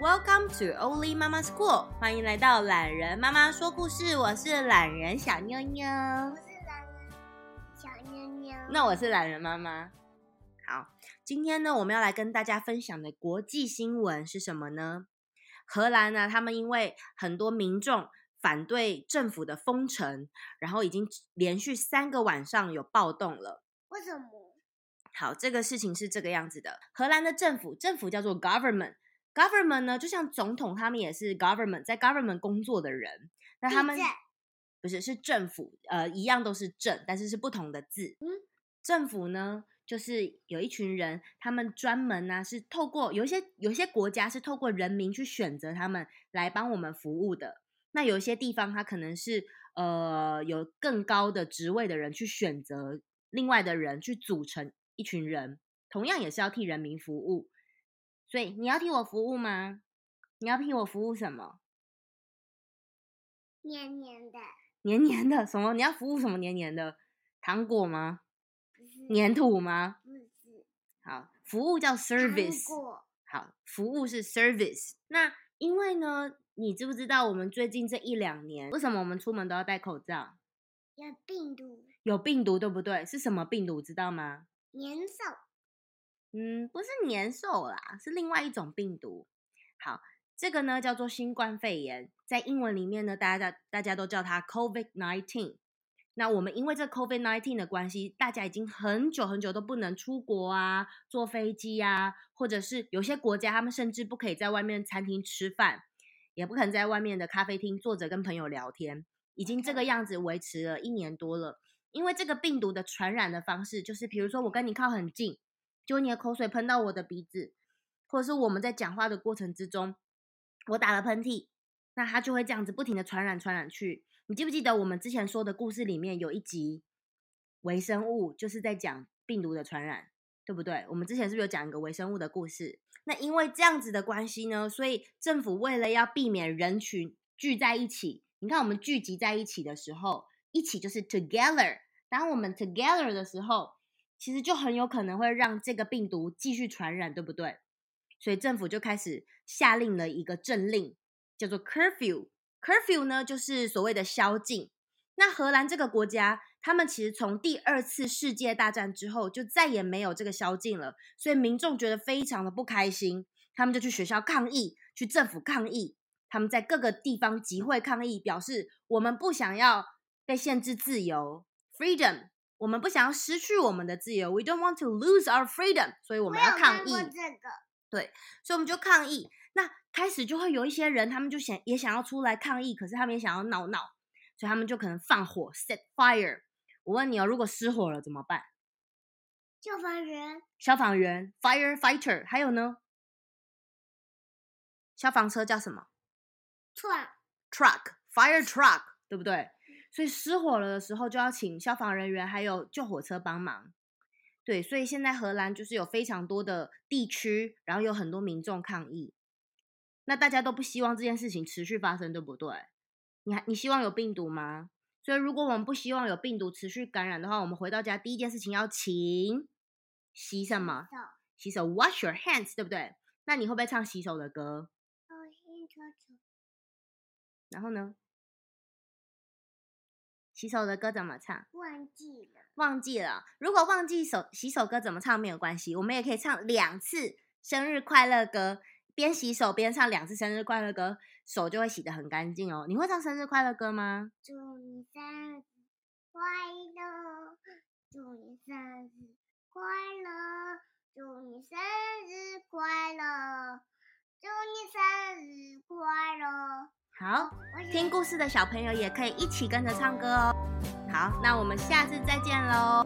Welcome to Oli Mama School，歡迎來到欖仁媽媽說故事。我是欖仁小妞妞，我是欖仁小妞妞。那我是欖仁媽媽。好，今天呢，我們要來跟大家分享的國際新聞是什麼呢？荷蘭呢，他們因為很多民眾反對政府的封城，然後已經連續三個晚上有暴動了。為什麼？好，這個事情是這個樣子的。荷蘭的政府，政府叫做 government。Government 呢，就像總統，他們也是 government 在 government 工作的人。那他們不是是政府，呃，一樣都是政，但是是不同的字。嗯，政府呢，就是有一群人，他們專門呢、啊，是透過有一些有一些國家是透過人民去選擇他們來幫我們服務的。那有一些地方，他可能是呃有更高的職位的人去選擇另外的人去組成一群人，同樣也是要替人民服務。所以你要替我服務嗎？你要替我服務什麼？黏黏的，黏黏的什麼？你要服務什麼黏黏的？糖果嗎？不是，黏粘土嗎？不是。好，服務叫 service。好，服務是 service。那因為呢，你知不知道我們最近這一兩年，為什麼我們出門都要戴口罩？有病毒，有病毒，對不對？是什麼病毒？知道嗎？年獸。嗯，不是年獸啦，是另外一種病毒。好，這個呢叫做新冠肺炎，在英文裡面呢，大家大大家都叫它 COVID nineteen。那我們因為這 COVID nineteen 的關係，大家已經很久很久都不能出國啊，坐飛機呀，啊，或者是有些國家他們甚至不可以在外面餐廳吃飯，也不可能在外面的咖啡廳坐着跟朋友聊天，已經這個樣子維持了一年多了。因為這個病毒的傳染的方式，就是比如說我跟你靠很近。就你的口水噴到我的鼻子，或者是我們在講話的過程之中，我打了噴嚏，那它就會這樣子不停的傳染、傳染去。你記不記得我們之前說的故事裡面有一集微生物，就是在講病毒的傳染，對不對？我們之前是不是有講一個微生物的故事？那因為這樣子的關係呢，所以政府為了要避免人群聚在一起，你看我們聚集在一起的時候，一起就是 together，當我們 together 的時候，其實就很有可能會讓這個病毒繼續傳染，對不對？所以政府就開始下令了一個政令，叫做 curfew。Curfew 呢，就是所謂的宵禁。那荷蘭這個國家，他們其實從第二次世界大戰之後就再也沒有這個宵禁了，所以民眾覺得非常的不開心，他們就去學校抗議，去政府抗議，他們在各個地方集會抗議，表示我們不想要被限制自由 （freedom）。我們不想要失去我們的自由，we don't want to lose our freedom，所以我們要抗議。沒有問問這個。對，所以我們就抗議。那開始就會有一些人，他們就想也想要出來抗議，可是他們也想要鬧鬧，所以他們就可能放火，set fire。我問你哦，如果失火了怎麼辦？消防員。消防員，firefighter。Fire fighter, 還有呢？消防車叫什麼？truck。truck，fire truck，對不對？所以失火了的時候，就要請消防人員還有救火車幫忙。對，所以現在荷蘭就是有非常多的地區，然後有很多民眾抗議。那大家都不希望這件事情持續發生，對不對？你還你希望有病毒嗎？所以如果我們不希望有病毒持續感染的話，我們回到家第一件事情要勤洗什麼？洗手，wash your hands，對不對？那你會不會唱洗手的歌？然後呢？洗手的歌怎麼唱？忘記了，忘記了。如果忘記手洗手歌怎麼唱沒有關係，我們也可以唱兩次生日快樂歌，邊洗手邊唱兩次生日快樂歌，手就會洗得很乾淨哦。你會唱生日快樂歌嗎？祝你生日快樂，祝你生日快樂，祝你生日快樂，祝你生日快樂。好，聽故事的小朋友也可以一起跟着唱歌哦。好，那我們下次再見嘍。